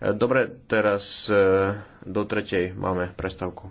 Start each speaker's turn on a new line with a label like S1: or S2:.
S1: Dobre, teraz e, do tretej máme prestávku.